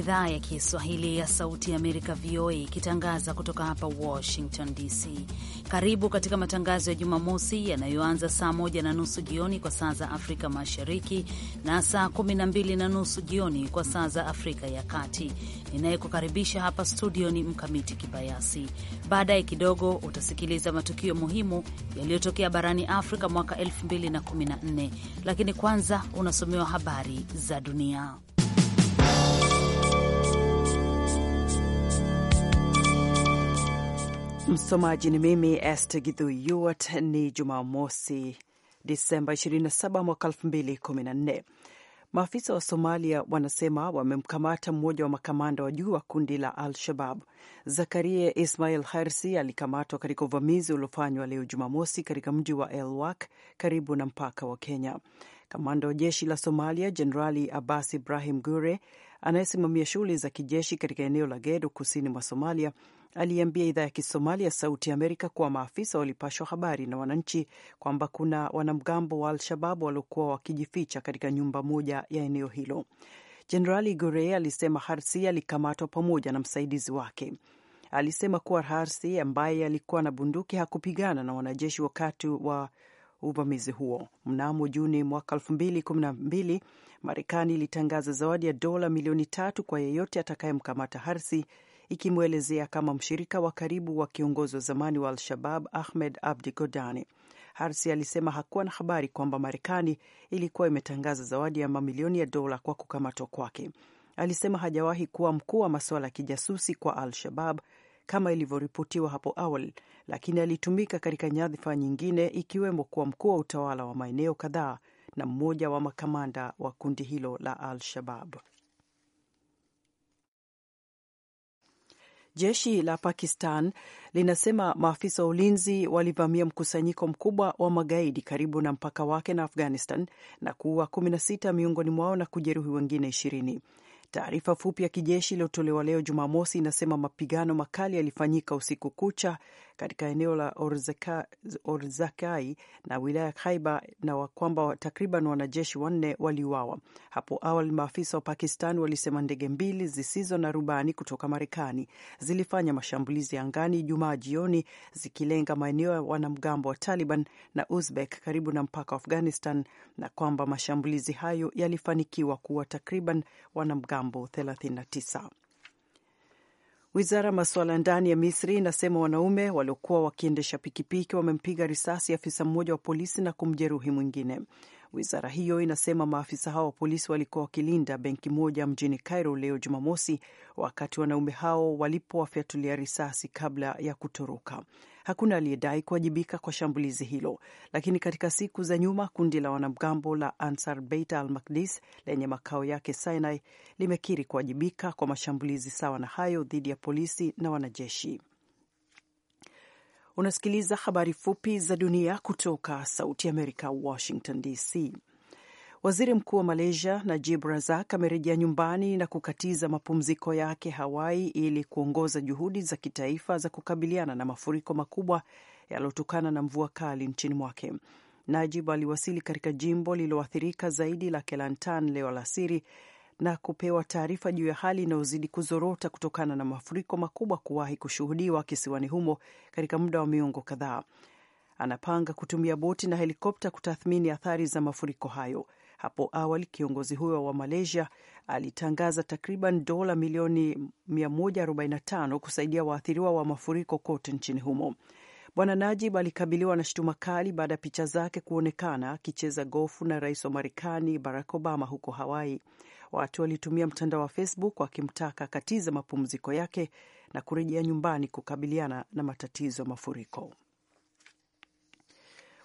idhaa ya Kiswahili ya Sauti ya Amerika, VOA, ikitangaza kutoka hapa Washington DC. Karibu katika matangazo ya Jumamosi yanayoanza saa moja na nusu jioni kwa saa za Afrika Mashariki na saa kumi na mbili na nusu jioni kwa saa za Afrika ya Kati. Ninayekukaribisha hapa studio ni Mkamiti Kibayasi. Baadaye kidogo utasikiliza matukio muhimu yaliyotokea barani Afrika mwaka 2014 lakini kwanza unasomewa habari za dunia. Msomaji ni mimi Este Gidhu Yuat. Ni Jumamosi, Disemba 27 mwaka 2014. Maafisa wa Somalia wanasema wamemkamata mmoja wa makamanda wa juu wa kundi la Al-Shabab. Zakaria Ismail Harsi alikamatwa katika uvamizi uliofanywa leo Jumamosi katika mji wa Elwak karibu na mpaka wa Kenya. Kamanda wa jeshi la Somalia Jenerali Abbas Ibrahim Gure anayesimamia shughuli za kijeshi katika eneo la Gedo kusini mwa Somalia aliambia idhaa ya Kisomali ya Sauti ya Amerika kuwa maafisa walipashwa habari na wananchi kwamba kuna wanamgambo wa Al-Shababu waliokuwa wakijificha katika nyumba moja ya eneo hilo. Jenerali gore alisema Harsi alikamatwa pamoja na msaidizi wake. Alisema kuwa Harsi ambaye alikuwa na bunduki hakupigana na wanajeshi wakati wa uvamizi huo. Mnamo Juni mwaka 2012 Marekani ilitangaza zawadi ya dola milioni tatu kwa yeyote atakayemkamata Harsi ikimwelezea kama mshirika wa karibu wa kiongozi wa zamani wa Al-Shabab Ahmed Abdi Godani. Harsi alisema hakuwa na habari kwamba Marekani ilikuwa imetangaza zawadi ya mamilioni ya dola kwa kukamatwa kwake. Alisema hajawahi kuwa mkuu wa masuala ya kijasusi kwa Al-Shabab kama ilivyoripotiwa hapo awali, lakini alitumika katika nyadhifa nyingine ikiwemo kuwa mkuu wa utawala wa maeneo kadhaa na mmoja wa makamanda wa kundi hilo la Al-Shabab. Jeshi la Pakistan linasema maafisa wa ulinzi walivamia mkusanyiko mkubwa wa magaidi karibu na mpaka wake na Afghanistan na kuua 16 miongoni mwao na kujeruhi wengine ishirini Taarifa fupi ya kijeshi iliyotolewa leo Jumamosi inasema mapigano makali yalifanyika usiku kucha katika eneo la Orzakai na wilaya Khaiba na kwamba takriban wanajeshi wanne waliuawa. Hapo awali maafisa wa Pakistan walisema ndege mbili zisizo na rubani kutoka Marekani zilifanya mashambulizi angani Jumaa jioni zikilenga maeneo ya wanamgambo wa Taliban na Uzbek karibu na mpaka wa Afghanistan na kwamba mashambulizi hayo yalifanikiwa kuwa takriban wanamgambo wanamgambo 39. Wizara ya masuala ndani ya Misri inasema wanaume waliokuwa wakiendesha pikipiki wamempiga risasi afisa mmoja wa polisi na kumjeruhi mwingine. Wizara hiyo inasema maafisa hao wa polisi walikuwa wakilinda benki moja mjini Cairo leo Jumamosi, wakati wanaume hao walipowafyatulia risasi kabla ya kutoroka. Hakuna aliyedai kuwajibika kwa shambulizi hilo, lakini katika siku za nyuma kundi la wanamgambo la Ansar Beit al Makdis lenye makao yake Sinai limekiri kuwajibika kwa mashambulizi sawa na hayo dhidi ya polisi na wanajeshi. Unasikiliza habari fupi za dunia kutoka Sauti ya Amerika, Washington DC. Waziri Mkuu wa Malaysia Najib Razak amerejea nyumbani na kukatiza mapumziko yake Hawaii ili kuongoza juhudi za kitaifa za kukabiliana na mafuriko makubwa yaliyotokana na mvua kali nchini mwake. Najib aliwasili katika jimbo lililoathirika zaidi la Kelantan leo alasiri na kupewa taarifa juu ya hali inayozidi kuzorota kutokana na mafuriko makubwa kuwahi kushuhudiwa kisiwani humo katika muda wa miongo kadhaa. Anapanga kutumia boti na helikopta kutathmini athari za mafuriko hayo. Hapo awali kiongozi huyo wa Malaysia alitangaza takriban dola milioni 145 kusaidia waathiriwa wa mafuriko kote nchini humo. Bwana Najib alikabiliwa na shutuma kali baada ya picha zake kuonekana akicheza gofu na rais wa Marekani Barack Obama huko Hawaii. Watu walitumia mtandao wa Facebook wakimtaka akatiza mapumziko yake na kurejea nyumbani kukabiliana na matatizo ya mafuriko.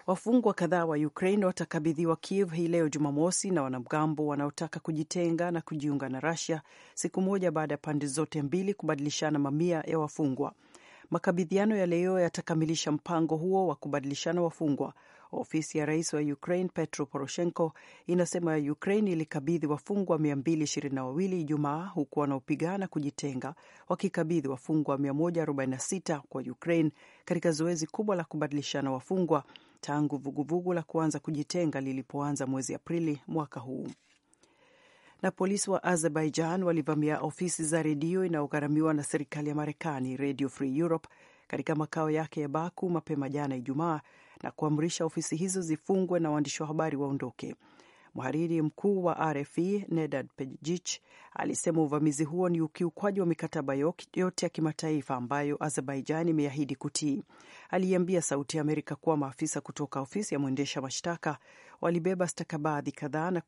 Wafungwa kadhaa wa Ukraine watakabidhiwa Kiev hii leo Jumamosi na wanamgambo wanaotaka kujitenga na kujiunga na rasia siku moja baada ya pande zote mbili kubadilishana mamia ya wafungwa. Makabidhiano ya leo yatakamilisha mpango huo wa kubadilishana wafungwa. Ofisi ya rais wa Ukraine Petro Poroshenko inasema Ukraine ilikabidhi wafungwa 222 Ijumaa, huku wanaopigana kujitenga wakikabidhi wafungwa 146 kwa Ukraine katika zoezi kubwa la kubadilishana wafungwa tangu vuguvugu la kuanza kujitenga lilipoanza mwezi Aprili mwaka huu. Na polisi wa Azerbaijan walivamia ofisi za redio inayogharamiwa na serikali ya Marekani, Radio Free Europe, katika makao yake ya Baku mapema jana Ijumaa na kuamrisha ofisi hizo zifungwe na waandishi wa habari waondoke. Mhariri mkuu wa RFE Nedad pejich alisema uvamizi huo ni ukiukwaji wa mikataba yote ya kimataifa ambayo Azerbaijan imeahidi kutii. aliambia Sauti ya Amerika kuwa maafisa kutoka ofisi ya mwendesha mashtaka walibeba stakabadhi kadhaa na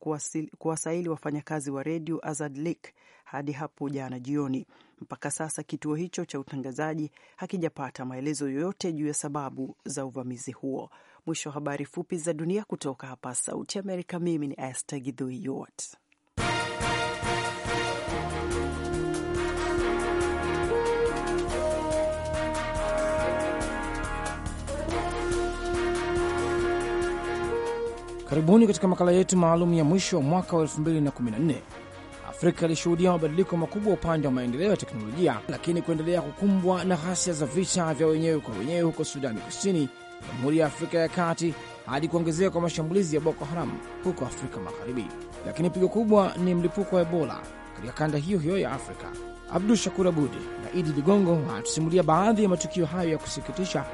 kuwasaili wafanyakazi wa redio Azadlik hadi hapo jana jioni. Mpaka sasa kituo hicho cha utangazaji hakijapata maelezo yoyote juu ya sababu za uvamizi huo. Mwisho wa habari fupi za dunia kutoka hapa Sauti Amerika. Mimi ni Esther Gidhui Yuart. Karibuni katika makala yetu maalum ya mwisho wa mwaka wa 2014. Afrika ilishuhudia mabadiliko makubwa upande wa maendeleo ya teknolojia, lakini kuendelea kukumbwa na ghasia za vita vya wenyewe kwa wenyewe huko Sudani Kusini Jamhuri ya Afrika ya Kati hadi kuongezeka kwa mashambulizi ya Boko Haram huko Afrika Magharibi, lakini pigo kubwa ni mlipuko wa Ebola katika kanda hiyo hiyo ya Afrika. Abdu Shakur Abud na Idi Ligongo wanatusimulia baadhi ya matukio hayo ya kusikitisha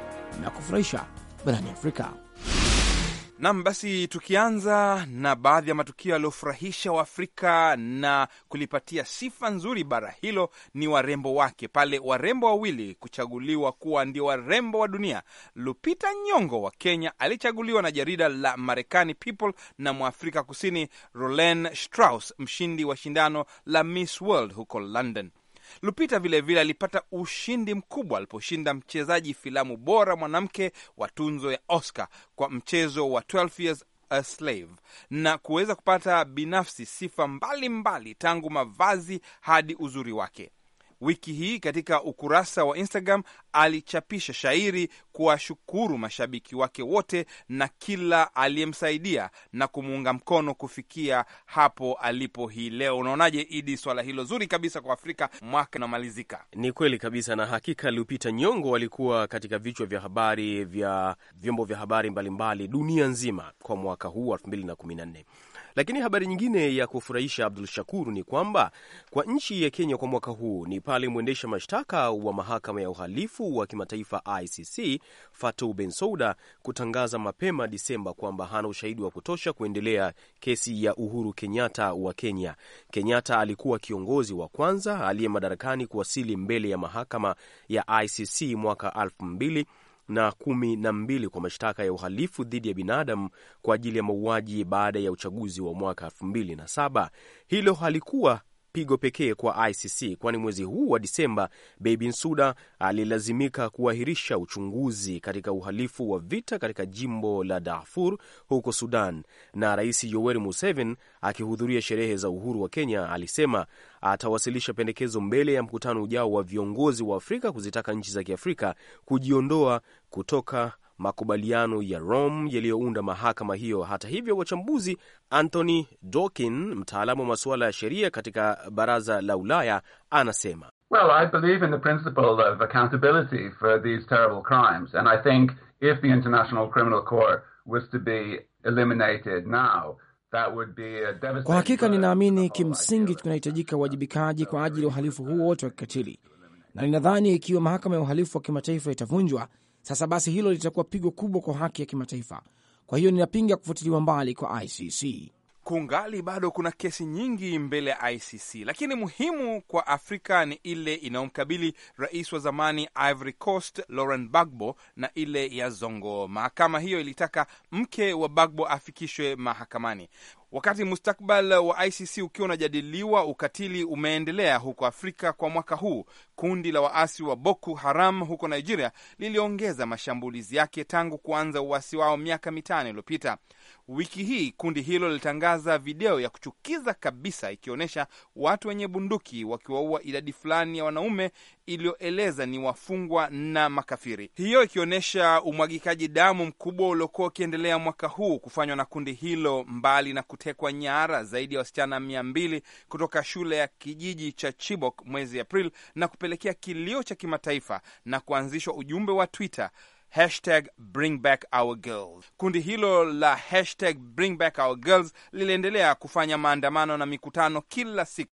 na kufurahisha barani Afrika. Nam, basi tukianza na baadhi ya matukio yaliyofurahisha Waafrika na kulipatia sifa nzuri bara hilo ni warembo wake, pale warembo wawili kuchaguliwa kuwa ndio warembo wa dunia. Lupita Nyong'o wa Kenya alichaguliwa na jarida la Marekani People, na Mwafrika Kusini Rolene Strauss mshindi wa shindano la Miss World huko London. Lupita vilevile alipata vile ushindi mkubwa aliposhinda mchezaji filamu bora mwanamke wa tunzo ya Oscar kwa mchezo wa 12 Years a Slave na kuweza kupata binafsi sifa mbalimbali mbali, tangu mavazi hadi uzuri wake. Wiki hii katika ukurasa wa Instagram alichapisha shairi kuwashukuru mashabiki wake wote na kila aliyemsaidia na kumuunga mkono kufikia hapo alipo hii leo. Unaonaje Idi, swala hilo zuri kabisa kwa Afrika, mwaka unamalizika. Ni kweli kabisa, na hakika Lupita Nyongo alikuwa katika vichwa vya habari vya vyombo vya habari mbalimbali mbali, dunia nzima kwa mwaka huu 2014. Lakini habari nyingine ya kufurahisha Abdul Shakur ni kwamba kwa nchi ya Kenya kwa mwaka huu ni pale mwendesha mashtaka wa mahakama ya uhalifu wa kimataifa ICC Fatou Bensouda kutangaza mapema Disemba kwamba hana ushahidi wa kutosha kuendelea kesi ya Uhuru Kenyatta wa Kenya. Kenyatta alikuwa kiongozi wa kwanza aliye madarakani kuwasili mbele ya mahakama ya ICC mwaka elfu mbili na kumi na mbili kwa mashtaka ya uhalifu dhidi ya binadamu kwa ajili ya mauaji baada ya uchaguzi wa mwaka elfu mbili na saba. Hilo halikuwa pigo pekee kwa ICC, kwani mwezi huu wa Disemba Bei Bensouda alilazimika kuahirisha uchunguzi katika uhalifu wa vita katika jimbo la Darfur huko Sudan, na Rais Yoweri Museveni akihudhuria sherehe za uhuru wa Kenya alisema atawasilisha pendekezo mbele ya mkutano ujao wa viongozi wa Afrika kuzitaka nchi za Kiafrika kujiondoa kutoka makubaliano ya Rome yaliyounda mahakama hiyo. Hata hivyo, wachambuzi Anthony Dokin, mtaalamu wa masuala ya sheria katika baraza la Ulaya, anasema Well, I believe in the principle of accountability for these terrible crimes and I think if the International Criminal Court was to be eliminated now kwa hakika ninaamini kimsingi kunahitajika uwajibikaji kwa ajili ya uhalifu huo wote wa kikatili, na ninadhani ikiwa mahakama ya uhalifu wa kimataifa itavunjwa, sasa basi hilo litakuwa pigo kubwa kwa haki ya kimataifa. Kwa hiyo ninapinga kufuatiliwa mbali kwa ICC. Kungali bado kuna kesi nyingi mbele ya ICC, lakini muhimu kwa Afrika ni ile inayomkabili rais wa zamani Ivory Coast Laurent Bagbo na ile ya Zongo. Mahakama hiyo ilitaka mke wa bagbo afikishwe mahakamani. Wakati mustakbal wa ICC ukiwa unajadiliwa, ukatili umeendelea huko Afrika kwa mwaka huu. Kundi la waasi wa Boko Haram huko Nigeria liliongeza mashambulizi yake tangu kuanza uasi wao miaka mitano iliyopita. Wiki hii kundi hilo lilitangaza video ya kuchukiza kabisa ikionyesha watu wenye bunduki wakiwaua idadi fulani ya wanaume iliyoeleza ni wafungwa na makafiri, hiyo ikionyesha umwagikaji damu mkubwa uliokuwa ukiendelea mwaka huu kufanywa na kundi hilo, mbali na kutekwa nyara zaidi ya wasichana mia mbili kutoka shule ya kijiji cha Chibok mwezi Aprili na kupelekea kilio cha kimataifa na kuanzishwa ujumbe wa Twitter Hashtag bring back our girls. Kundi hilo la hashtag bring back our girls liliendelea kufanya maandamano na mikutano kila siku.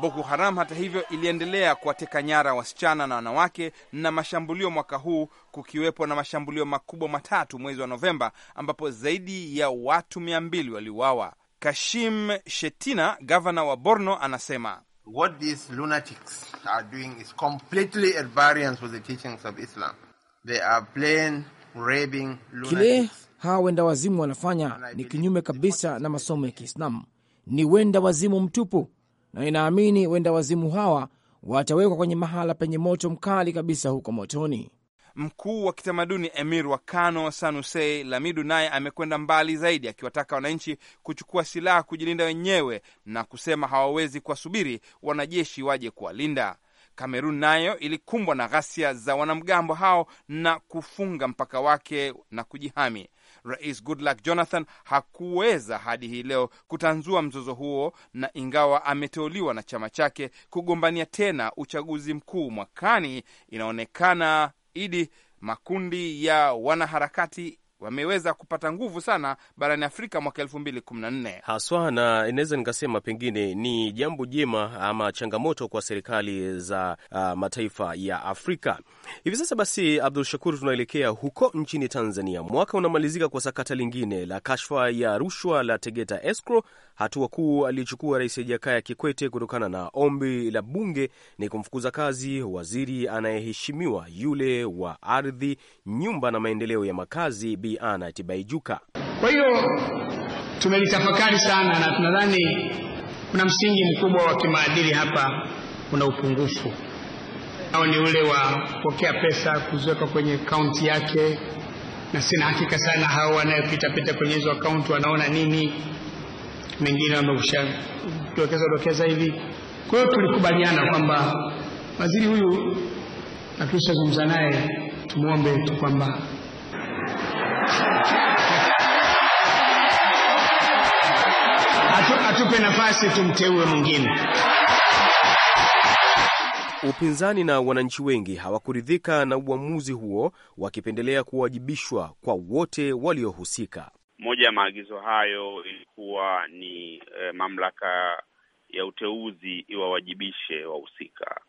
Boko Haram hata hivyo iliendelea kuwateka nyara wasichana na wanawake na mashambulio mwaka huu, kukiwepo na mashambulio makubwa matatu mwezi wa Novemba ambapo zaidi ya watu mia mbili waliuawa. Kashim Shetina, gavana wa Borno, anasema What these lunatics are doing is completely at variance with the teachings of Islam. They are plain raving lunatics. Kile hawa wenda wazimu wanafanya ni kinyume kabisa na masomo ya Kiislamu, ni wenda wazimu mtupu na inaamini wenda wazimu hawa watawekwa kwenye mahala penye moto mkali kabisa huko motoni. Mkuu wa kitamaduni Emir wa Kano Sanusei Lamidu naye amekwenda mbali zaidi, akiwataka wananchi kuchukua silaha kujilinda wenyewe na kusema hawawezi kuwasubiri wanajeshi waje kuwalinda. Kamerun nayo ilikumbwa na ghasia za wanamgambo hao na kufunga mpaka wake na kujihami. Rais Goodluck Jonathan hakuweza hadi hii leo kutanzua mzozo huo, na ingawa ameteuliwa na chama chake kugombania tena uchaguzi mkuu mwakani, inaonekana idi makundi ya wanaharakati wameweza kupata nguvu sana barani Afrika mwaka elfu mbili kumi na nne haswa, na inaweza nikasema pengine ni jambo jema ama changamoto kwa serikali za uh, mataifa ya Afrika hivi sasa. Basi Abdul Shakur, tunaelekea huko nchini Tanzania. Mwaka unamalizika kwa sakata lingine la kashfa ya rushwa la Tegeta Escrow Hatua kuu aliyochukua Rais Jakaya Kikwete kutokana na ombi la bunge ni kumfukuza kazi waziri anayeheshimiwa yule wa ardhi, nyumba na maendeleo ya makazi, Bi Anna Tibaijuka. Kwa hiyo tumelitafakari sana na tunadhani kuna msingi mkubwa wa kimaadili hapa una upungufu au ni ule wa kupokea pesa kuziweka kwenye kaunti yake, na sina hakika sana hao wanayopitapita kwenye hizo akaunti wanaona nini mengine amekushadokeza dokeza hivi. Kwa hiyo tulikubaliana kwamba waziri huyu akishazungumza naye tumwombe tu kwamba atupe nafasi tumteue mwingine. Upinzani na wananchi wengi hawakuridhika na uamuzi huo, wakipendelea kuwajibishwa kwa wote waliohusika. Moja ya maagizo hayo ilikuwa ni eh, mamlaka ya uteuzi iwawajibishe wahusika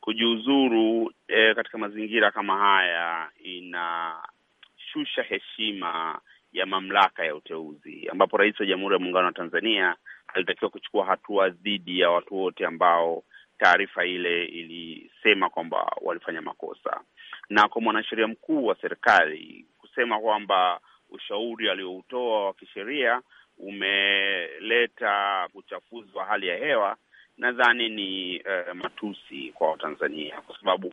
kujiuzuru. Eh, katika mazingira kama haya inashusha heshima ya mamlaka ya uteuzi, ambapo Rais wa Jamhuri ya Muungano wa Tanzania alitakiwa kuchukua hatua dhidi ya watu wote ambao taarifa ile ilisema kwamba walifanya makosa, na kwa mwanasheria mkuu wa serikali kusema kwamba ushauri alioutoa wa kisheria umeleta uchafuzi wa hali ya hewa, nadhani ni uh, matusi kwa Watanzania kwa sababu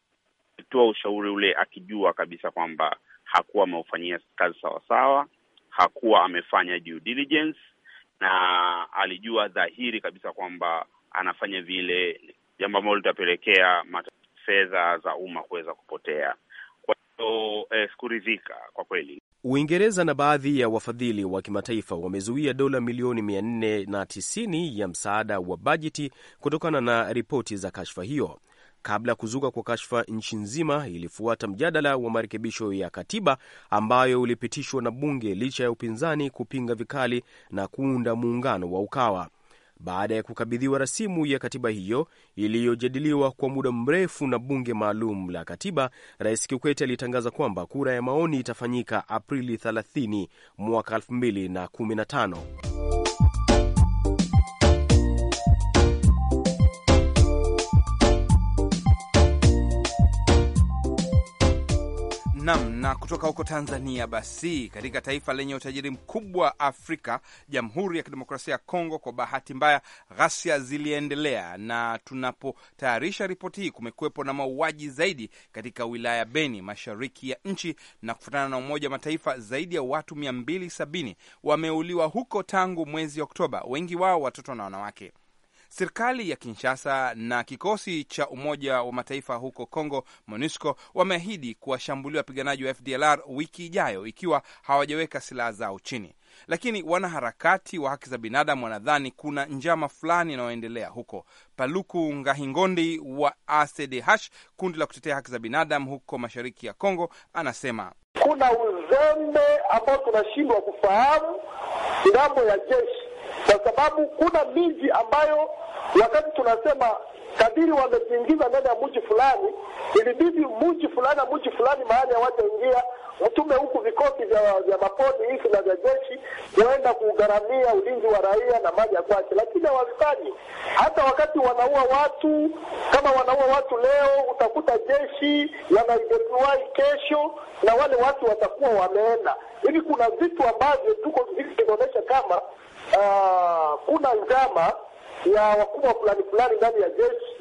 alitoa ushauri ule akijua kabisa kwamba hakuwa ameufanyia kazi sawasawa, hakuwa amefanya due diligence, na alijua dhahiri kabisa kwamba anafanya vile, jambo ambalo litapelekea fedha za umma kuweza kupotea. Kwa hiyo eh, sikuridhika kwa kweli. Uingereza na baadhi ya wafadhili wa kimataifa wamezuia dola milioni 490 ya msaada wa bajeti kutokana na ripoti za kashfa hiyo. Kabla ya kuzuka kwa kashfa, nchi nzima ilifuata mjadala wa marekebisho ya katiba ambayo ulipitishwa na bunge licha ya upinzani kupinga vikali na kuunda muungano wa Ukawa baada ya kukabidhiwa rasimu ya katiba hiyo iliyojadiliwa kwa muda mrefu na bunge maalum la katiba, Rais Kikwete alitangaza kwamba kura ya maoni itafanyika Aprili 30 mwaka 2015. Nam na kutoka huko Tanzania. Basi katika taifa lenye utajiri mkubwa Afrika, Jamhuri ya Kidemokrasia ya Kongo, kwa bahati mbaya ghasia ziliendelea, na tunapotayarisha ripoti hii kumekuwepo na mauaji zaidi katika wilaya ya Beni, mashariki ya nchi, na kufuatana na Umoja wa Mataifa zaidi ya watu 270 wameuliwa huko tangu mwezi Oktoba, wengi wao watoto na wanawake. Serikali ya Kinshasa na kikosi cha Umoja wa Mataifa huko congo MONUSCO, wameahidi kuwashambulia wapiganaji wa FDLR wiki ijayo ikiwa hawajaweka silaha zao chini, lakini wanaharakati wa haki za binadamu wanadhani kuna njama fulani inayoendelea huko. Paluku Ngahingondi wa ACDH, kundi la kutetea haki za binadamu huko mashariki ya congo anasema kuna uzembe ambao tunashindwa kufahamu ngambo ya jeshi kwa sababu kuna miji ambayo wakati tunasema kadiri wameziingiza ndani ya mji fulani, ilibidi mji fulani na mji fulani mahali hawataingia mtume huku vikosi vya, vya mapori hivi na vya jeshi kuenda kugharamia ulinzi wa raia na maji ya kwake, lakini hawafanyi. Hata wakati wanaua watu, kama wanaua watu leo, utakuta jeshi wanaideploy kesho, na wale watu watakuwa wameenda hivi. Kuna vitu ambavyo tuko vinaonyesha kama uh, kuna njama ya wakubwa fulani fulani ndani ya jeshi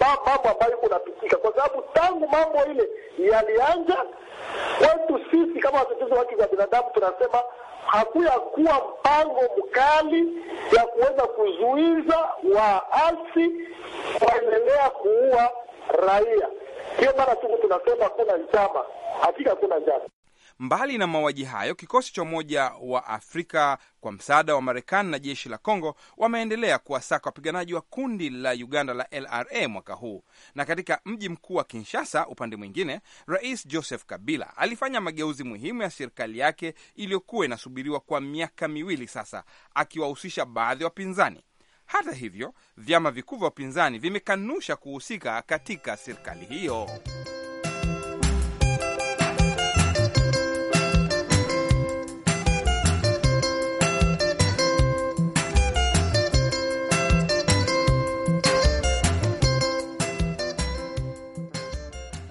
mambo ambayo kunapitika kwa sababu tangu mambo ile yalianja kwetu sisi kama watetezi wa haki za binadamu tunasema hakuyakuwa mpango mkali ya kuweza kuzuiza waasi kuendelea kuua raia. hiyo maana tuku tunasema kuna njama, hakika kuna njama. Mbali na mauaji hayo, kikosi cha Umoja wa Afrika kwa msaada wa Marekani na jeshi la congo wameendelea kuwasaka wapiganaji wa kundi la Uganda la LRA mwaka huu. Na katika mji mkuu wa Kinshasa, upande mwingine, Rais Joseph Kabila alifanya mageuzi muhimu ya serikali yake iliyokuwa inasubiriwa kwa miaka miwili sasa, akiwahusisha baadhi ya wapinzani. Hata hivyo, vyama vikuu vya upinzani vimekanusha kuhusika katika serikali hiyo.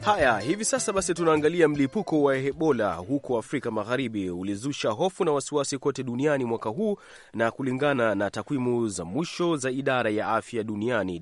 Haya, hivi sasa basi tunaangalia mlipuko wa Ebola huko Afrika Magharibi ulizusha hofu na wasiwasi kote duniani mwaka huu, na kulingana na takwimu za mwisho za idara ya afya duniani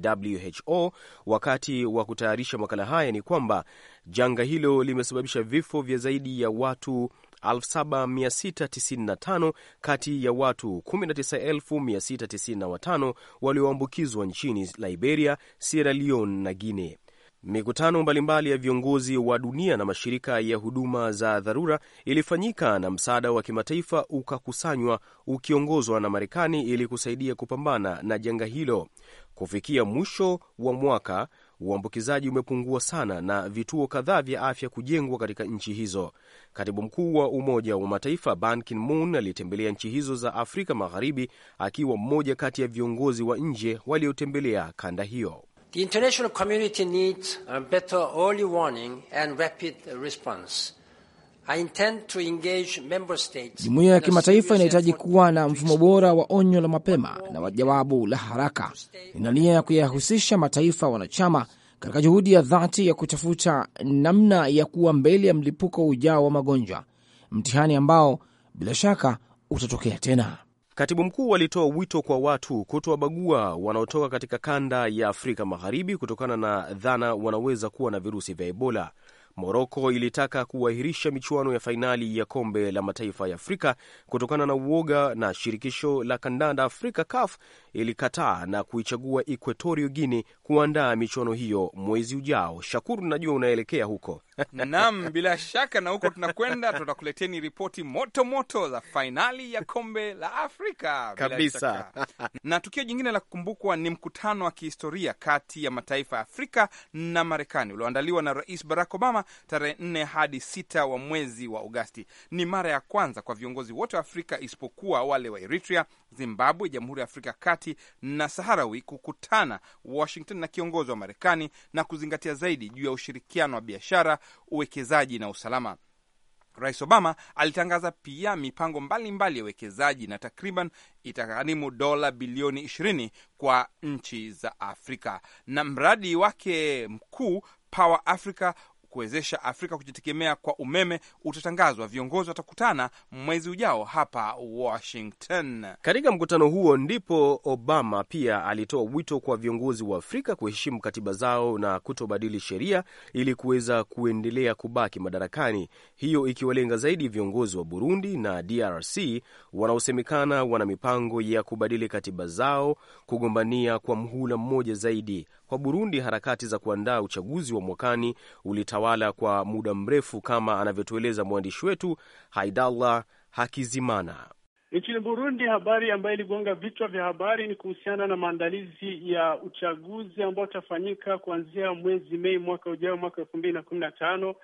WHO wakati wa kutayarisha makala haya ni kwamba janga hilo limesababisha vifo vya zaidi ya watu 7695 kati ya watu 19695 walioambukizwa nchini Liberia, Sierra Leone na Guinea. Mikutano mbalimbali ya viongozi wa dunia na mashirika ya huduma za dharura ilifanyika na msaada wa kimataifa ukakusanywa ukiongozwa na Marekani ili kusaidia kupambana na janga hilo. Kufikia mwisho wa mwaka, uambukizaji umepungua sana na vituo kadhaa vya afya kujengwa katika nchi hizo. Katibu mkuu wa Umoja wa Mataifa Ban Ki-moon alitembelea nchi hizo za Afrika Magharibi akiwa mmoja kati ya viongozi wa nje waliotembelea kanda hiyo. The international community needs a um, better early warning and rapid response. I intend to engage member states. Jumuiya ya kimataifa inahitaji kuwa na mfumo bora wa onyo la mapema na wajawabu la haraka. Nina nia ya kuyahusisha mataifa wanachama katika juhudi ya dhati ya kutafuta namna ya kuwa mbele ya mlipuko ujao wa magonjwa, mtihani ambao bila shaka utatokea tena. Katibu mkuu alitoa wito kwa watu kutowabagua wanaotoka katika kanda ya Afrika Magharibi kutokana na dhana wanaweza kuwa na virusi vya Ebola. Moroko ilitaka kuahirisha michuano ya fainali ya kombe la mataifa ya Afrika kutokana na uoga, na shirikisho la kandanda Afrika CAF ilikataa na kuichagua Equatorio Guinea kuandaa michuano hiyo mwezi ujao. Shakuru, najua unaelekea huko. Naam, bila shaka. Na huko tunakwenda, tutakuleteni ripoti moto moto za fainali ya kombe la Afrika kabisa. Na tukio jingine la kukumbukwa ni mkutano wa kihistoria kati ya mataifa ya Afrika na Marekani ulioandaliwa na Rais Barack Obama tarehe 4 hadi 6 wa mwezi wa Agosti. Ni mara ya kwanza kwa viongozi wote wa Afrika isipokuwa wale wa Eritrea, Zimbabwe, Jamhuri ya Afrika ya Kati na Saharawi kukutana Washington na kiongozi wa Marekani na kuzingatia zaidi juu ya ushirikiano wa biashara uwekezaji na usalama. Rais Obama alitangaza pia mipango mbalimbali ya uwekezaji na takriban itagharimu dola bilioni 20 kwa nchi za Afrika, na mradi wake mkuu Power Africa kuwezesha Afrika kujitegemea kwa umeme utatangazwa. Viongozi watakutana mwezi ujao hapa Washington. Katika mkutano huo ndipo Obama pia alitoa wito kwa viongozi wa Afrika kuheshimu katiba zao na kutobadili sheria ili kuweza kuendelea kubaki madarakani, hiyo ikiwalenga zaidi viongozi wa Burundi na DRC wanaosemekana wana mipango ya kubadili katiba zao kugombania kwa mhula mmoja zaidi. Kwa Burundi, harakati za kuandaa uchaguzi wa mwakani ulitawa kutawala kwa muda mrefu, kama anavyotueleza mwandishi wetu Haidallah Hakizimana. Nchini Burundi, habari ambayo iligonga vichwa vya habari ni kuhusiana na maandalizi ya uchaguzi ambao utafanyika kuanzia mwezi Mei mwaka ujao, mwaka elfu mbili na kumi na tano.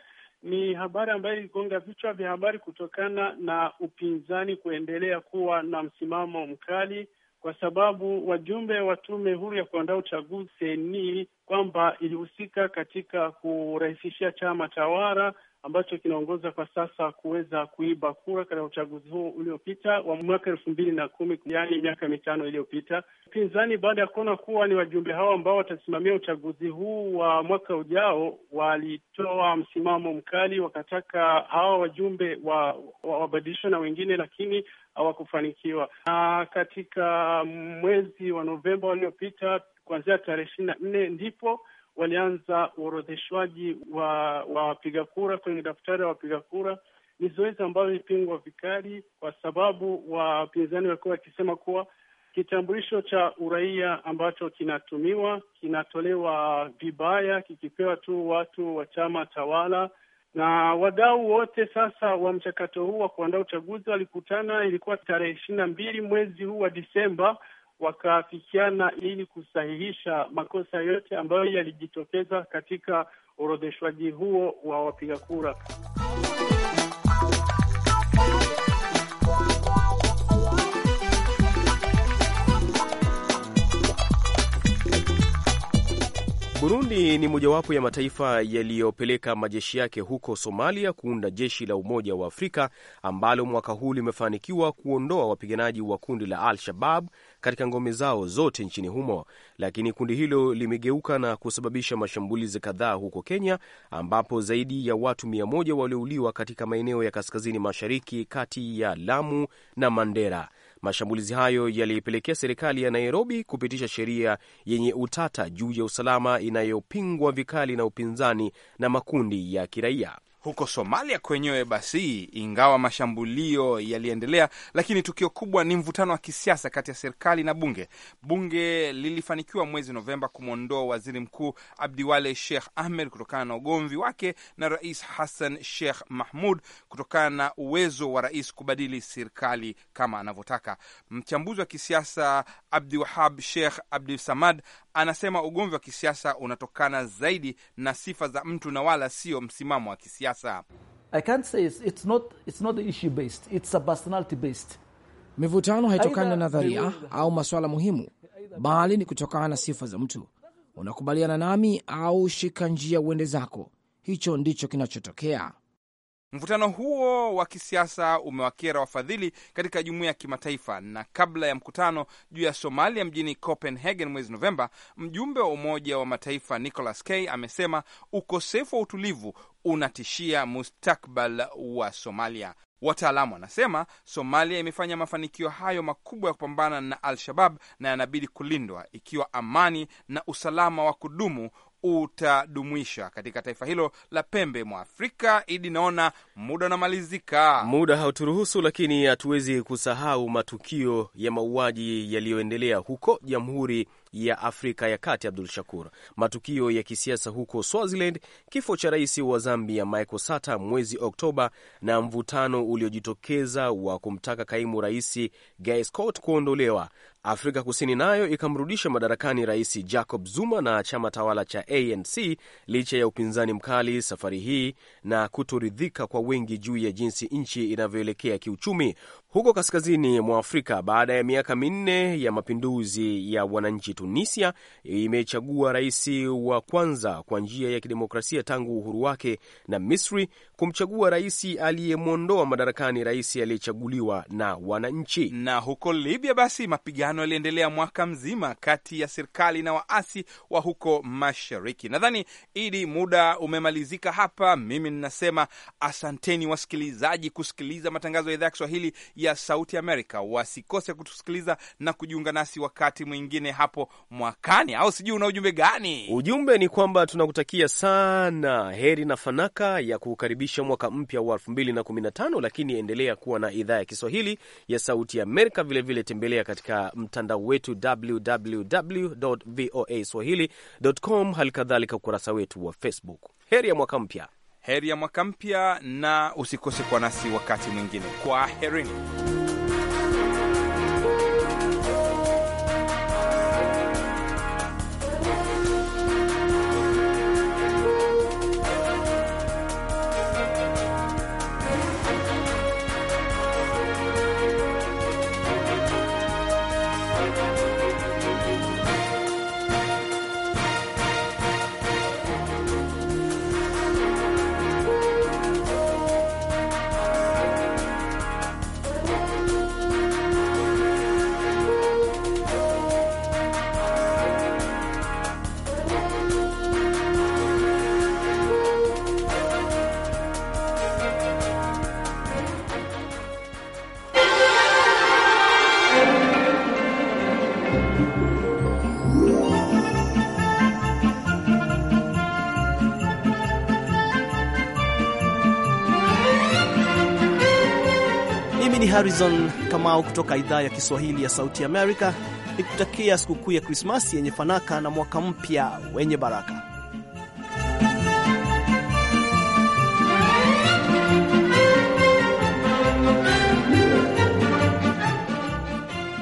Ni habari ambayo iligonga vichwa vya habari kutokana na upinzani kuendelea kuwa na msimamo mkali kwa sababu wajumbe wa tume huru ya kuandaa uchaguzi seni kwamba ilihusika katika kurahisishia chama tawala ambacho kinaongoza kwa sasa kuweza kuiba kura katika uchaguzi huo uliopita wa mwaka elfu mbili na kumi yaani miaka mitano iliyopita. Upinzani baada ya kuona kuwa ni wajumbe hao ambao watasimamia uchaguzi huu wa mwaka ujao, walitoa msimamo mkali, wakataka hawa wajumbe wa wa na wengine, lakini hawakufanikiwa. Na katika mwezi wa Novemba waliopita, kuanzia tarehe ishirini na nne ndipo walianza uorodheshwaji wa wapiga kura kwenye daftari ya wapiga kura. Ni zoezi ambalo lilipingwa vikali, kwa sababu wapinzani walikuwa wakisema kuwa kitambulisho cha uraia ambacho kinatumiwa kinatolewa vibaya, kikipewa tu watu wa chama tawala na wadau wote sasa wa mchakato huu wa kuandaa uchaguzi walikutana, ilikuwa tarehe ishirini na mbili mwezi huu wa Disemba, wakaafikiana ili kusahihisha makosa yote ambayo yalijitokeza katika urodheshwaji huo wa wapiga kura. Burundi ni mojawapo ya mataifa yaliyopeleka majeshi yake huko Somalia kuunda jeshi la Umoja wa Afrika ambalo mwaka huu limefanikiwa kuondoa wapiganaji wa kundi la Al-Shabab katika ngome zao zote nchini humo, lakini kundi hilo limegeuka na kusababisha mashambulizi kadhaa huko Kenya, ambapo zaidi ya watu mia moja waliouliwa katika maeneo ya kaskazini mashariki kati ya Lamu na Mandera. Mashambulizi hayo yalipelekea serikali ya Nairobi kupitisha sheria yenye utata juu ya usalama inayopingwa vikali na upinzani na makundi ya kiraia. Huko Somalia kwenyewe basi, ingawa mashambulio yaliendelea, lakini tukio kubwa ni mvutano wa kisiasa kati ya serikali na bunge. Bunge lilifanikiwa mwezi Novemba kumwondoa waziri mkuu Abdiwale Sheikh Ahmed kutokana na ugomvi wake na rais Hassan Sheikh Mahmud kutokana na uwezo wa rais kubadili serikali kama anavyotaka. Mchambuzi wa kisiasa Abdiwahab Sheikh abdusamad anasema ugomvi wa kisiasa unatokana zaidi na sifa za mtu na wala sio msimamo wa kisiasa. Mivutano haitokani na nadharia au masuala muhimu, bali ni kutokana na sifa za mtu. Unakubaliana nami au shika njia uende zako. Hicho ndicho kinachotokea. Mvutano huo wa kisiasa umewakera wafadhili katika jumuiya ya kimataifa. Na kabla ya mkutano juu ya Somalia mjini Copenhagen mwezi Novemba, mjumbe wa Umoja wa Mataifa Nicholas K amesema ukosefu wa utulivu unatishia mustakbal wa Somalia. Wataalamu wanasema Somalia imefanya mafanikio hayo makubwa ya kupambana na Al-Shabab na yanabidi kulindwa ikiwa amani na usalama wa kudumu utadumuisha katika taifa hilo la pembe mwa Afrika. Idi, naona muda unamalizika, muda hauturuhusu, lakini hatuwezi kusahau matukio ya mauaji yaliyoendelea huko Jamhuri ya Afrika ya Kati. Abdul Shakur, matukio ya kisiasa huko Swaziland, kifo cha rais wa Zambia Michael Sata mwezi Oktoba na mvutano uliojitokeza wa kumtaka kaimu rais Guy Scott kuondolewa. Afrika Kusini nayo ikamrudisha madarakani Rais Jacob Zuma na chama tawala cha ANC licha ya upinzani mkali safari hii na kutoridhika kwa wengi juu ya jinsi nchi inavyoelekea kiuchumi huko kaskazini mwa Afrika. Baada ya miaka minne ya mapinduzi ya wananchi, Tunisia imechagua rais wa kwanza kwa njia ya kidemokrasia tangu uhuru wake, na Misri kumchagua rais aliyemwondoa madarakani rais aliyechaguliwa na wananchi. Na huko Libya basi mapigano yaliendelea mwaka mzima kati ya serikali na waasi wa huko mashariki. Nadhani Idi, muda umemalizika hapa. Mimi ninasema asanteni wasikilizaji kusikiliza matangazo ya idhaa ya Kiswahili ya Sauti Amerika. Wasikose kutusikiliza na kujiunga nasi wakati mwingine hapo mwakani, au sijui una ujumbe gani? Ujumbe ni kwamba tunakutakia sana heri na fanaka ya kukaribisha kukaribisha mwaka mpya wa 2015 lakini endelea kuwa na idhaa ya Kiswahili ya Sauti ya Amerika. Vilevile tembelea katika mtandao wetu www voa swahili.com, hali kadhalika ukurasa wetu wa Facebook. Heri ya mwaka mpya, heri ya mwaka mpya, na usikose kwa nasi wakati mwingine. kwa herini Harrison Kamau kutoka idhaa ya Kiswahili ya Sauti Amerika, nikutakia sikukuu ya Krismasi yenye fanaka na mwaka mpya wenye baraka.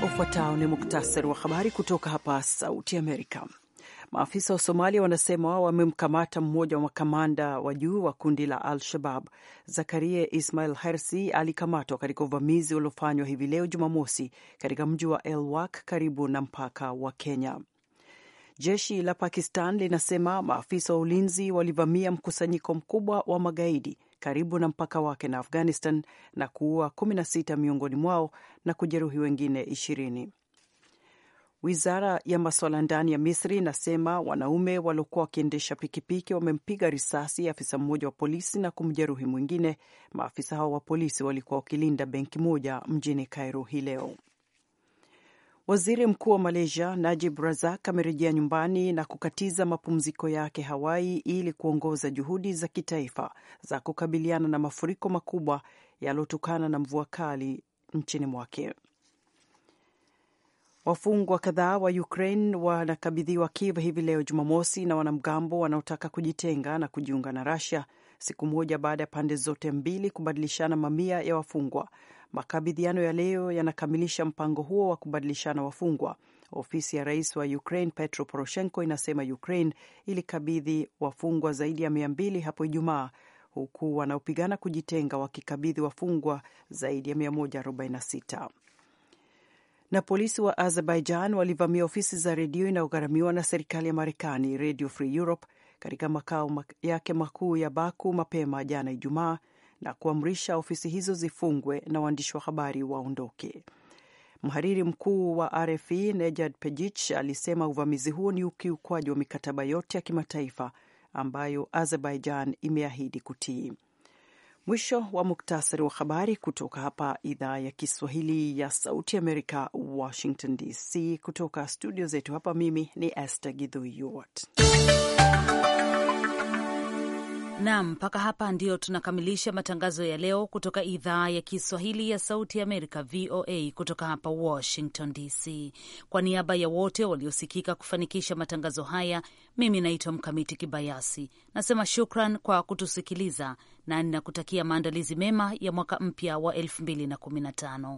Ufuatao ni muktasari wa habari kutoka hapa Sauti Amerika. Maafisa wa Somalia wanasema wamemkamata mmoja wa makamanda wa juu wa kundi la Al-Shabab. Zakaria Ismail Hersi alikamatwa katika uvamizi uliofanywa hivi leo Jumamosi katika mji wa Elwak karibu na mpaka wa Kenya. Jeshi la Pakistan linasema maafisa wa ulinzi walivamia mkusanyiko mkubwa wa magaidi karibu na mpaka wake na Afghanistan na kuua 16 miongoni mwao na kujeruhi wengine 20. Wizara ya masuala ndani ya Misri inasema wanaume waliokuwa wakiendesha pikipiki wamempiga risasi afisa mmoja wa polisi na kumjeruhi mwingine. Maafisa hao wa polisi walikuwa wakilinda benki moja mjini Cairo hii leo. Waziri mkuu wa Malaysia Najib Razak amerejea nyumbani na kukatiza mapumziko yake Hawaii ili kuongoza juhudi za kitaifa za kukabiliana na mafuriko makubwa yaliyotokana na mvua kali nchini mwake. Wafungwa kadhaa wa Ukraine wanakabidhiwa Kiev hivi leo Jumamosi na wanamgambo wanaotaka kujitenga na kujiunga na Russia, siku moja baada ya pande zote mbili kubadilishana mamia ya wafungwa. Makabidhiano ya leo yanakamilisha mpango huo wa kubadilishana wafungwa. Ofisi ya rais wa Ukraine Petro Poroshenko inasema Ukraine ilikabidhi wafungwa zaidi ya mia mbili hapo Ijumaa, huku wanaopigana kujitenga wakikabidhi wafungwa zaidi ya 146 na polisi wa Azerbaijan walivamia ofisi za redio inayogharamiwa na serikali ya Marekani, Radio Free Europe, katika makao yake makuu ya Baku mapema jana Ijumaa, na kuamrisha ofisi hizo zifungwe na waandishi wa habari waondoke. Mhariri mkuu wa RFI Nejad pejich alisema uvamizi huo ni ukiukwaji wa mikataba yote ya kimataifa ambayo Azerbaijan imeahidi kutii. Mwisho wa muktasari wa habari kutoka hapa idhaa ya Kiswahili ya Sauti Amerika, Washington DC. Kutoka studio zetu hapa, mimi ni Esther Gidhu Nam, mpaka hapa ndio tunakamilisha matangazo ya leo kutoka idhaa ya Kiswahili ya Sauti ya Amerika, VOA, kutoka hapa Washington DC. Kwa niaba ya wote waliosikika kufanikisha matangazo haya, mimi naitwa Mkamiti Kibayasi, nasema shukran kwa kutusikiliza na ninakutakia maandalizi mema ya mwaka mpya wa 215